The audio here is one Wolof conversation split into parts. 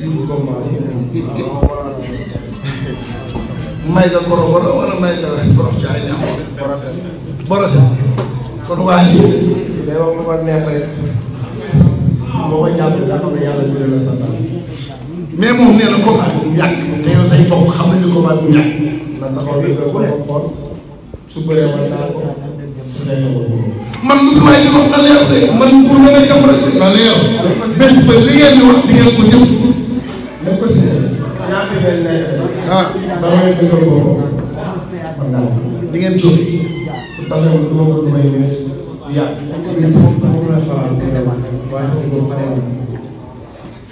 lii combat bi. may nga koroboro wala may nga forof ci ay ñam. borose. borose kon waa ji. day wax lu ko neex rek. boo ko jàppee daa xam ne yàlla dina la santal. mais moom nee na combat bi du yàgg te yow say bopp xam nañ ne combat bi du yàgg. na taxaw bi nga ko xool su bëree ma saa ko. man lu fi waay di wax na leer de man pour na nga jëm rek na leer bés ba li ngeen di wax di ngeen ko jëf. même ko si ñaata ngeen ne ah dama ngeen dëggal boobu man daal di ngeen jóg parce que du ma ko du may ne yàq ngeen ci moom moom laa faral di dem waaye xam nga ma ne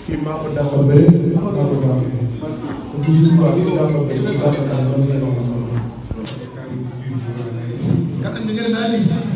kii maa ko dàqal bëri maa ko dàqal bëri. da ngeen daal di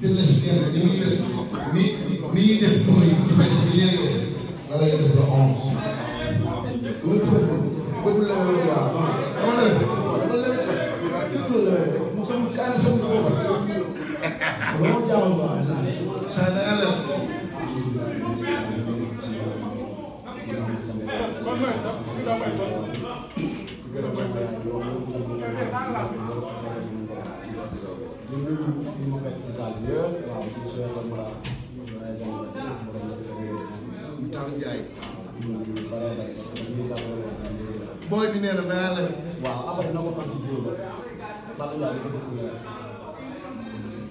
te la si leen ni ñuy def ni ni ñuy def tournée yi ci bés bi yéen def la lay def le onze. loolu bëgg la loolu waaw dama la dama la surtout mu sama kaana sama bopp loolu jaaxal ko sa da nga la Thank you. di nuyu ñu ma fekk ci salle bi yëpp waaw di suñu la mën a ay sama la mu tax njaay booy bi nee na da la waaw abal na ko fan ci jiw ba la njaay ko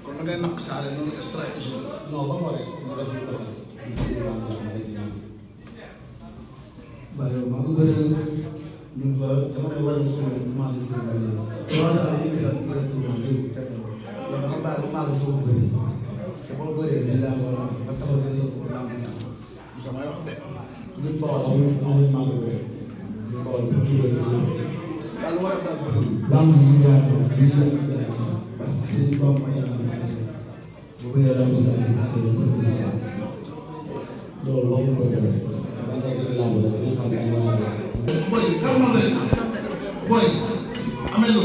kon da ngay naq saale noonu stratégie la non ba pare waaye maa ngi bëri ñu fa dama lay waral suñu commencé commencé maa ko maa ko soog a bëree te boo bëree lii laa war a ba taxaw ne sa bopp laa mën a am sama wax de. ñun Bawol ñu ñu maa ko bëree ñun Bawol ñu ñu bëree ñun. daal war a daal bëri. daal ñu ñu yaa ko ñu ñu yaa ko seen doom ma yaa ko bu ko yaa ko daal ñu ko ñu ko yaa ko loolu wax nga ko demee. da ngay gis laa bëri ñu xam ne ay waa. booy kan moom la booy amee lu.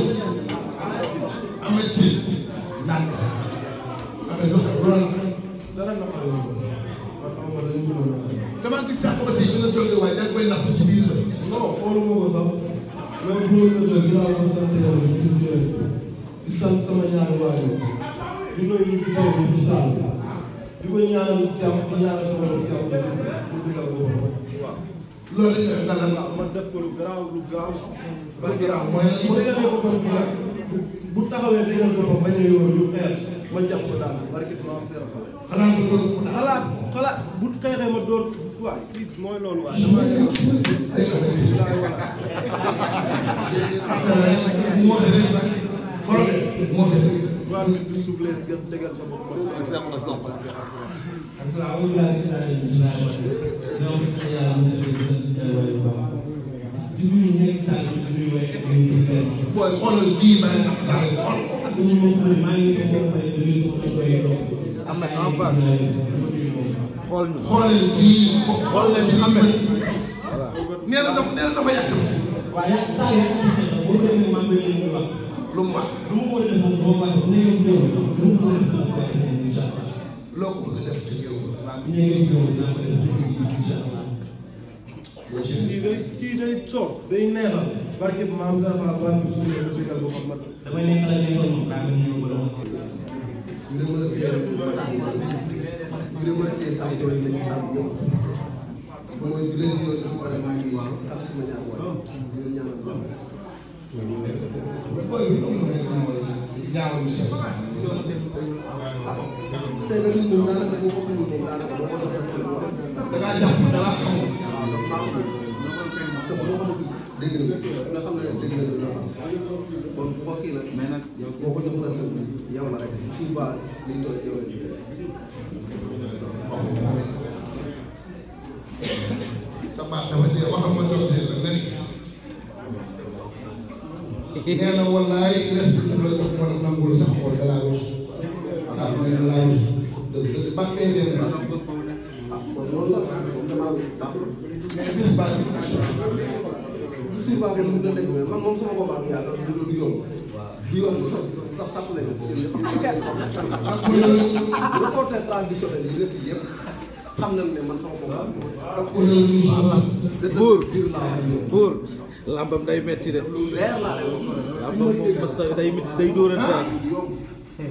ngi sànq ba tey ñu la toogee waaye danga bi laa ko sant yow di di sant sama ñaari waajur di nuyu ñu fi taw bi saal ko ah, man def ko lu garaaw lu gaaw. lu garaaw mooy bu taxawee dëggal boppam bañ a yóbbu ñu xeer ma jàpp ma door. waaw kii mooy loolu waaye damaa yor am na en face xool ñu xool lii ko xool leen ci amee voilà nee na dafa nee na dafa yàkkamti waaye saa yi bu mu demee man ba ñu ñu wax lu mu wax lu mu war a def moom boo waxee ne yow ñëw lu mu war a def moom fekk moom incha allah loo ko bëgg a def ci ñëw waaw bu ñëwee ñëw naa ko def incha allah kii day kii day soob day neexal barke maam Sarafa barke suñu yow digal ba xam man damay neexal ne ko ñu kaamil ñu ba la wax di remercier sama kuréel lañu sant yow mooy juleen yoon di ko def maa ngi waaw sax su ma ñaawal di leen ñaanal sax c'est que ñun moom daanaka boo ko xamul moom daanaka boo ko def respect da ngaa jàpp da ngaa xamul parce que boo xamul dégg na nga xam ne dégg na lu la kon boo kii nag mais nag boo ko jox respect yow la rek suba liñ doon yow nee na wallaay respect la jox ma nangul sax xool dalaa rus waaw nee na laa rus dëgg dëgg ban bee dee na ah kon loolu la moom damaa rus ndax mais bis baa bi ak suuf suuf baa bi mën na daj man moom sama boobaa bi yàlla du du yomb du yomb sax sax sax lañu ko ak mu ne reporter traditionnel yi def yëpp xam nañ ne man sama boobaa donc buur buur lambam day metti de. lu leer laa lay wax. lambam moom mës ta day mit day dóor a ah, daal. yomb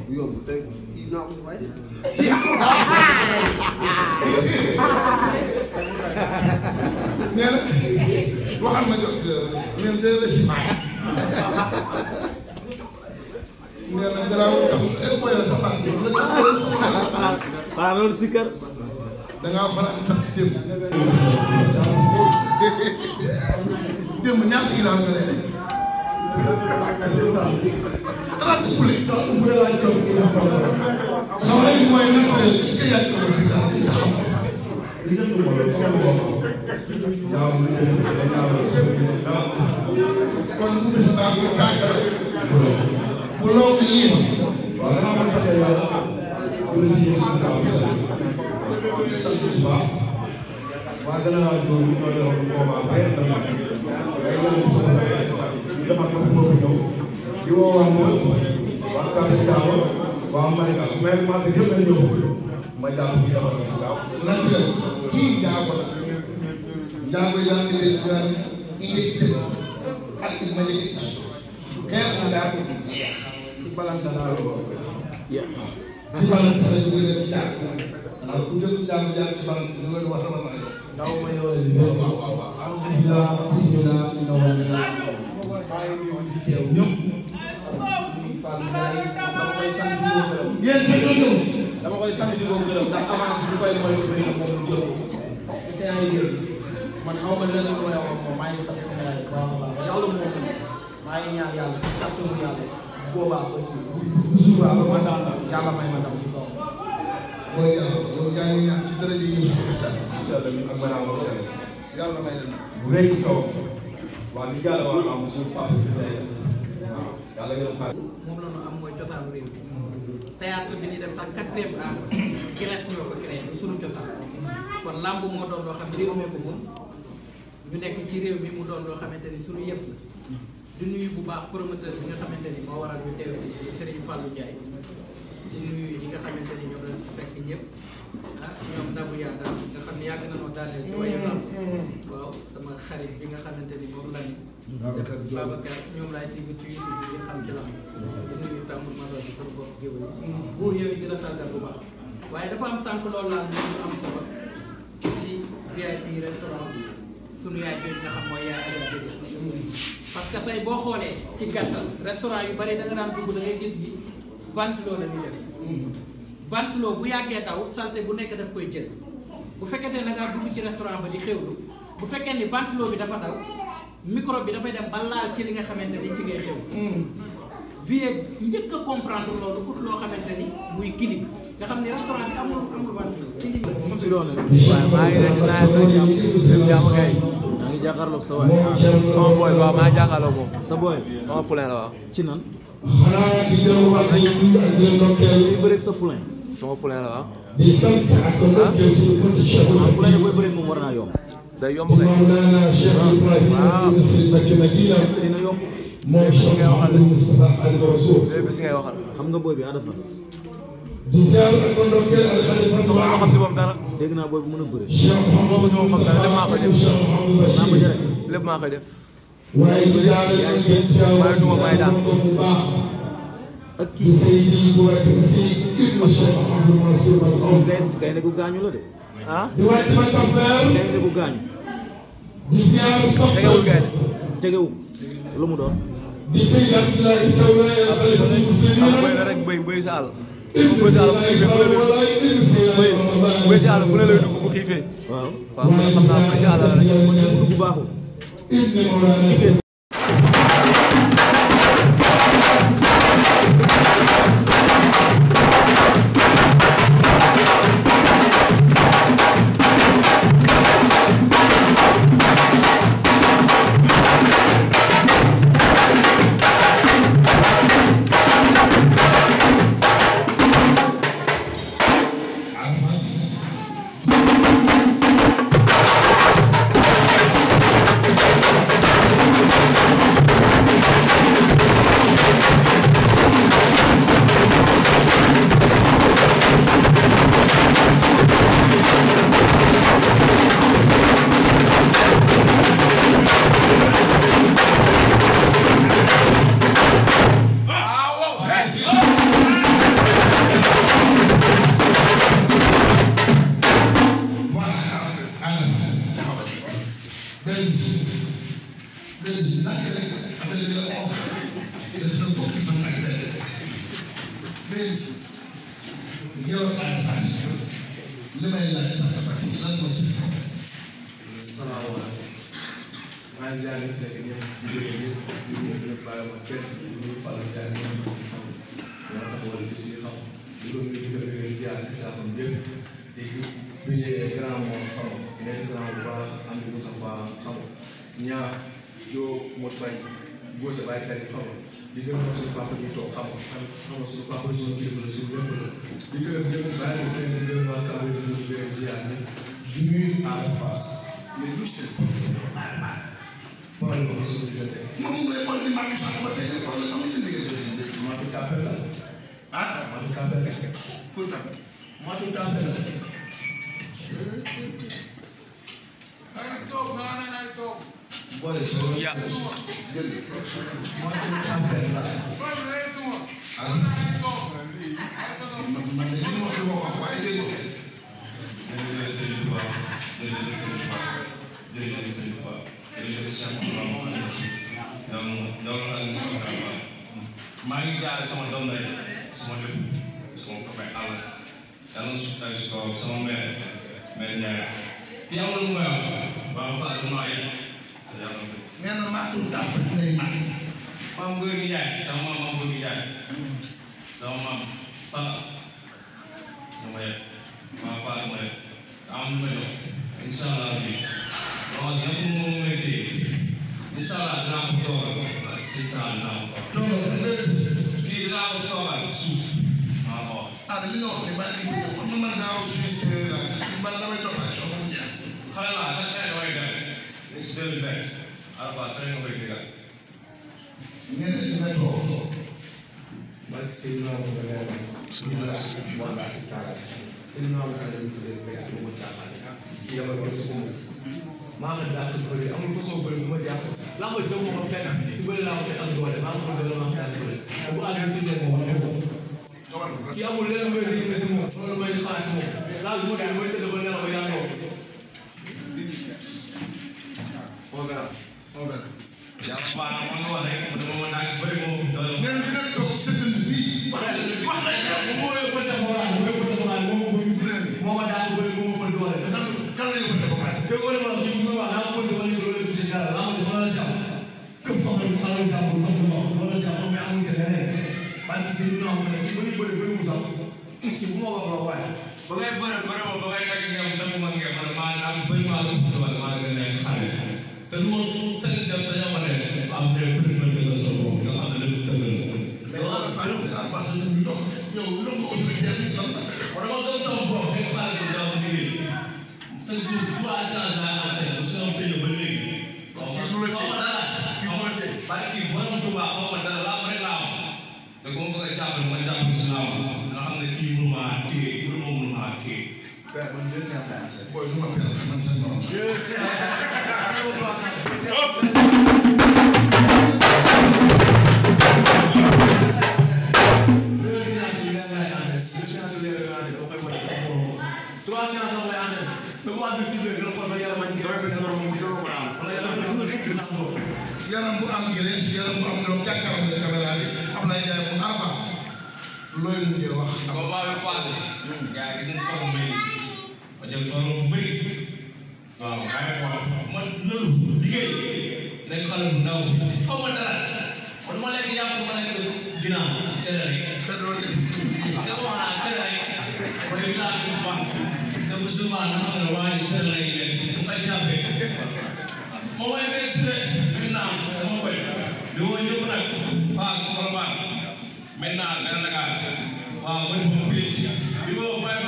yomb day kii naa ko waaye. nee na waxal ma jox nee na dina la si maay. nee na garaawul tam el koyo sa baax bi la jox. waaw loolu si kër. da ngaa faral di sant démb. démb ñaata Iran nga leen trente poulet sa way mooy naturel est-ce que yàgg nga si daal est-ce que xam nga kon bu bis baa ko tàggal bu loolu yées waa gën a laaj loolu ñu koy wax ñu defar ko pour ñëw di woo waa Mbour waa Kare Thiaw waa Malika mais Mate yëpp lañ ñëw ma jàpp ñu defar ko gaaw. naturel kii jaago la njaago yi daal di leen daal identité ak humanité kenn ku daa ko jeex si balanta laa la ko. jeex na si balanta la ñu leen jàpp. maanaam ku jot jàmm jaar ci barab bi nga wax dama bàyyi. ndaw ma ñëw leen di waaw waaw waaw. alhamdulilah alhamdulilah inna walilah. maa ngi nuyu fi teew ñëpp. dama koy sant di ko gërëm. yéen seen ñëw. dama koy sant di ko gërëm ndax avance bi ñu koy mooy bëri na moom mu jël ko. te yaa ngi jël man xaw ma lenn lu may wax moom maa ngi sant sama yaay bu baax a baax yàlla moo ko maa ngi ñaan yàlla si kàttanu yàlla boobaa aussi. suba ba ma daal yàlla may ma dam mooy li am loolu yaa ngi ñaan ci daraja yi Yuusu Kristaan. incha allah ñun bu rëy ci moom la ñu am mooy cosaanu réew mi. théâtre bi ñu def sax quatrième art Grèce ñoo ko créé suñu cosaan. kon làmb moo doon loo xam réew mi ko réew mi mu doon loo xamante ni suñu yëf la. di nuyu bu baax promoteur bi nga xamante ni moo waral ñu teew Serigne Fallou Ndiaye di nuyu ñi nga xamante ni ñoom lañ fekk. yëpp ah ñoom Nabou Yada nga xam ne yàgg na noo daaneel ci wayu lamb waaw sama xarit bi nga xamante ni moom la ni Babacar ñoom laay si ci YouTube bi xam ci lamb mm. di mm. bu baax waaye sànq loolu laa ñu que tey boo xoolee ci gàttal restaurant yu bari da nga daan dugg da ngay gis bi vente loolu la ñuy ventilo bu yàggee daw saleté bu nekk daf koy jël bu fekkente ne ngaa dugg ci restaurant bu fekkee ni ventilo bi dafa daw microbe bi dafay dem ba ci li nga xamante ni ci ngay xew mm. ni muy nga xam ne restaurant bi amul amul ventilo si doon waaw maa ngi leen di naan sa jàmm jàmm kay maa ngi sa waay sama moom sa booy sama poulain la waaw ci nan li bëri sa sama poulain la ah. di sant ak poulain da koy bëri moom war naa yomb. day yomb kay. waaw est-ce que dina yomb. léegi bis ngay waxal la léegi bis ngay waxal. xam nga booy bi Ada Fass. soxla ma xam si moom dara. dégg naa booy bu mën a bëri. soxla ma si moom xam dara lépp maa koy def. maa koy def lépp maa koy def. waaye du ma bàyyi daal. Seydi Boubacar Sy gaynde gu gaañu la de ah di wàcc ma Cap-Vert gaynde gu gaañu di ziar soxna tegewul gaynde tegewul lu mu doon di Seydi Abdoulaye Thiaw la rek bëy bëy lay dugg bu xiifee waaw waaw xam naa bëy sa àll la rek bu baaxul jigéen gën ji gën ji nag rek affaire yi la wax def na fukki fan ak benn gën ji yow ay fàcc li may laaj sax fàcc lan moo ci xew. salaamaaleykum maa ngi ziar ñëpp nekk ñëpp di jóge ñëpp di ñëpp ñëpp bàyyi ma kenn ñu pala jaar ñëpp ñoo taxawal bis yi xam ñu ko ñu ko ziar ci saafam yëpp léegi bu ñu grand moom xarom nekk naa bu baax am na Moustapha xam nga ñaar joo Modou Faye Gose Baye Faye xam nga di gërëm suñu papa ñuy toog xam nga xam nga suñu papa suñu kilifa la suñu lépp la di gërëm ñëpp bàyyi ko kenn di gërëm waa Kàmb di gërëm benn ziar ñi di nuyu à la face mais lu seen sa à la base problème boobu suñu diggante moom mu ngi xool di màgg sax ba tey problème amul seen diggante matu tàppel la ah matu tàppel la kuy tàppel matu tàppel la ya maa ngi jaale sama doom lay sama lépp sama copain àll yàlla na suuf si kawam sama mère mère Ndiaye kii amul mu waaw Fass Mbaye. nee na màttul tàmpat lay màtt. maam góor gi jaay sama maam maam góor gi jaay. sama maam Fala. dama yegg maam Fass Mbaye am lu ma jox incha allah bi non c' est moom mu ngi téye incha allah dinaa ko toogal si saa dinaa ko toogal. toogal kii dinaa ko toogal suuf maa ko wax. ah li nga wax ne man li nga wax man genre suñu séeréer la man damay toog ak خلال عشان كان هو يبان مش ده الباقي 4000 هو يبان من الجمال هو بارك سيدنا وبارك بسم الله والله تعالى سيدنا وبارك بارك يلا بارك maa ngi daa ko bëri amul façon bëri bu ma jàpp laa ma dem ma fenn si bëri laa koy am doole maa ngi ko bëri maa ngi daa bëri bu àgg si ne moom ne ko kii amul lenn mooy rëy na si moom loolu mooy xaar si moom laa bi mu dee mooy tëdd ba nelaw yaa ngi yaram bu am gëlëm si yaram bu am doom jàkkaaram la caméra bi Ablaye Ndiaye mu Arafat looy mujjee wax. boobu baax na passé. gars yi gis nañu ma jël solo bu bëri waaw waaye moom man loolu liggéey nekk xale bu ndaw xaw ma dara man ma lekk yàpp ma lekk ginnaaw tere rek te doon te wax naa tere rek ma lekk laa ko baax te bu subaa na xam ne waa ji tere lay lekk ma jàppee ma way fekk si rek ginnaaw sama koy di woo ñëpp nag paas normal maintenant dana Dakar waaw man moom bi di ma bàyyi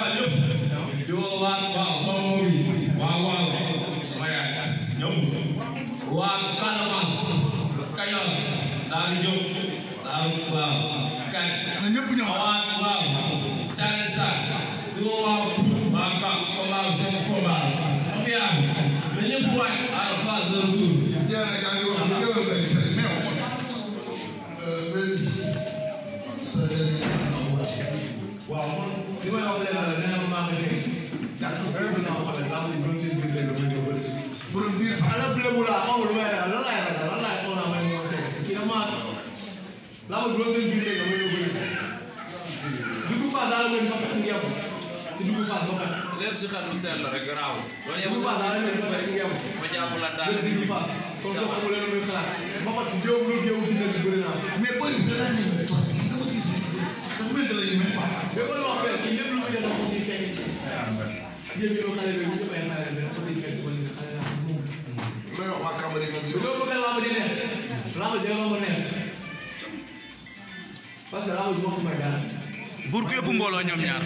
waaw waaw. kay na ñëpp ñëw waaw waaw. laa ma doon seen biir léegi damay yóbbu ne sax dugub faas daal nga di fa tax ngemb si dugub faas ba pare. lépp si xel lu sell rek garaaw. dugub faas daal nga di fa tax ngemb. ma jàpp la daal di dugub faas. comme que xamu leen muy xalaat. ba pat géew lu géew dina di bëri naa. mais booy bi dalaa ne ñu toog li nga gis sax mel dalaa ñu mel quoi. mais kon wax benn ñëpp lu mu jot a ko siy fekk si. yéen ñoo xale bi bu sa bay xale bi rek sa bay fekk si buur ku yëpp mbooloo ñoom ñaar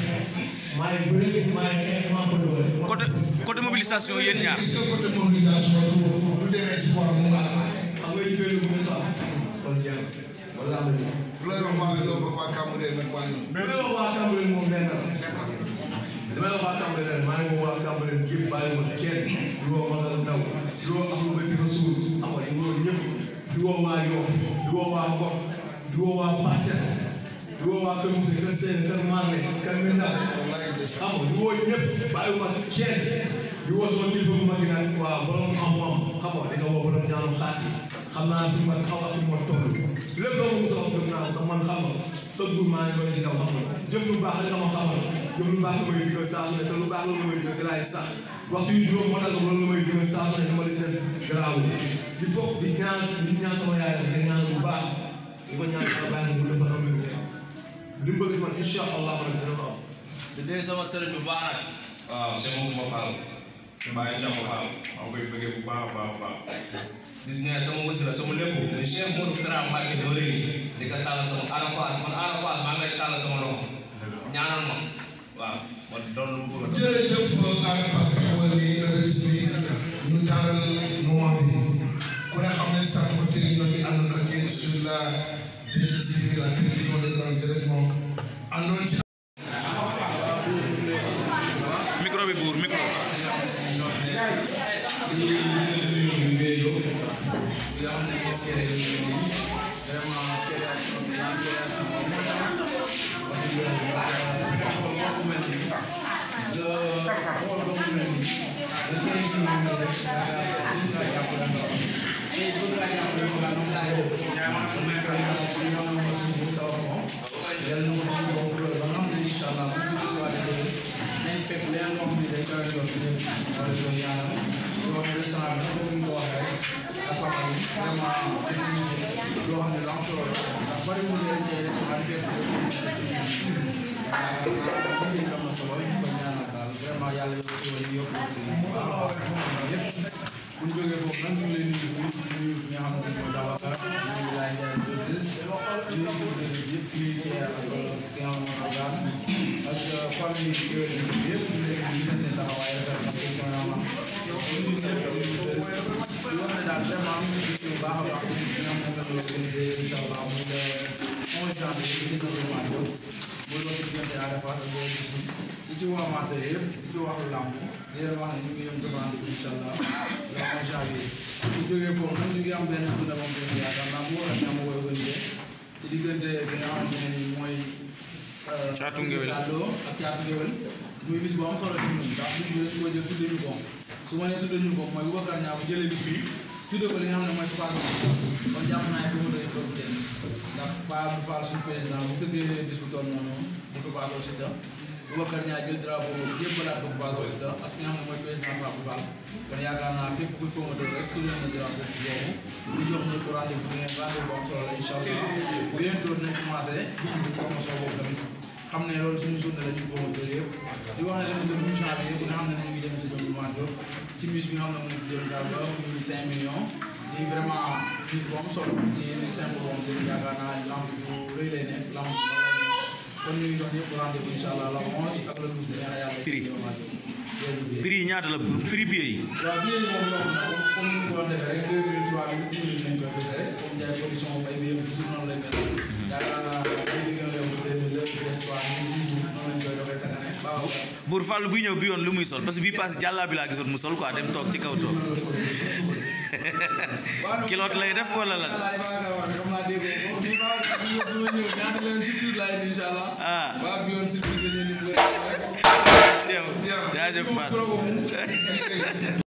di woo waa kër Moussa kër Sène kër Mané kër Mbenda xam nga di woo ñëpp bàyyiwuma kenn di woo sama kilifa bu mag yi naan waaw borom am-am xam nga di nga woo borom ñaanu xaas yi xam naa fi ma xaw a fi ma toll lépp doomu Moussa wax dëgg naa ko man xam nga chaque jour maa ngi koy si kaw xam nga jëf lu baax la dama xamal jëf lu baax la may digal saa su ne te lu baax loolu la may digal si laay sax waxtu yu juróom moo tax loolu la may digal saa su ne dama des des garaaw di foog di ñaan di ñaan sama yaay di ñaan bu baax di ko ñaan sama baax mu defal li mu bëgg si man incha allah rabbi dina ko am. di nuyu sama sëriñ bu baax nag. waaw Cheikh Mouma Fall. Baye Thiam Fall. maa ngi koy bëggee bu baax a baax a baax. di nuyu sama wasi la sama lépp. di Cheikh Modou Kara Mbacke doole yi. di ko tàll sama Arafaas man Arafaas maa ngi lay tàll sama loxo. ñaanal ma. waaw man doon lu bëgg a. jërëjëf Arafaas xamal ni analyse bi ñu tàllal moment bi ku ne xam ne sànq tey ñoo ngi àndoon ak yéen sur la. di la télévision des grands événements àndoon ci ay correction bi jëm réseau yi ñaar yoo xam ne restaurant bi comme ni ko waxee rek dafa am vraiment ay loo xam ne lu am solo la ndax bari mu ne ci restaurant bi fekk liggéey am na solo ñu ko ñaanal daal vraiment yàlla yokk yokk si yëpp bu ñu jógee foofu nag ñu ngi lay nuyu nuyu ñi nga xam ne mooy Babacar ñu ngi laaj ñaari deux di nuyu yëpp di nuyu ci yàlla ak famille yi yëpp ñu ngi leen di seen seen taxawaay rafet ak seen cameraman ñu ngi ñëpp di nuyu wax ne daal vraiment ñu ngi bu baax a baax di nga xam ne moom la organisé incha allah mu le 11 janvier ci seen gouvernement boobu loolu diggante Ada Fass ak boobu ci waa Maata yëpp ci waxu làmb di leen wax ne ñu ngi yëm demande bi incha allah le 11 janvier jógee foofu nag ñu ngi am benn tournée boo mu war a ñàmm koy ci diggante bi nga xamante ne nii mooy. caatu ngéwél muy bis am solo ci ñun ndax bis bi dañ koo ko su ma nee mooy bu bu jëlee bis naa ne dama bu Fall suñu président bu tëggee bu toll Boubacar Niang jël drapeau boobu jébbalaat ko Papa Sow Siteu ak ñi nga xam ne mooy président Papa Fall kon yaakaar naa képp kuy na drapeau bi boobu ñu jox ñu ko bu ngeen rendez-vous bu am solo la incha allah bu bientôt nañ commencé di promotion boobu tamit xam ne loolu suñu journée la ñu promoteur yëpp di wax ne tamit dañu changé bu nga xam ne ñu ngi dem si ñoom Ousmane Diop ci bi nga xam ne mu ngi jëm daal ba muy 5 millions di vraiment mise bu am solo di simple boobu yaakaar naa lamb bu rëy lay nekk lamb kon ñu ngi yi ñaata la prix bi yëpp toujours noonu lay mel yaakaar naa bi ñëw bi yoon lu muy sol parce que bii passe jàllaa laa gisoon mu sol quoi dem toog ci kaw toog kilote lay def wala lan ah. jaajëf Fatou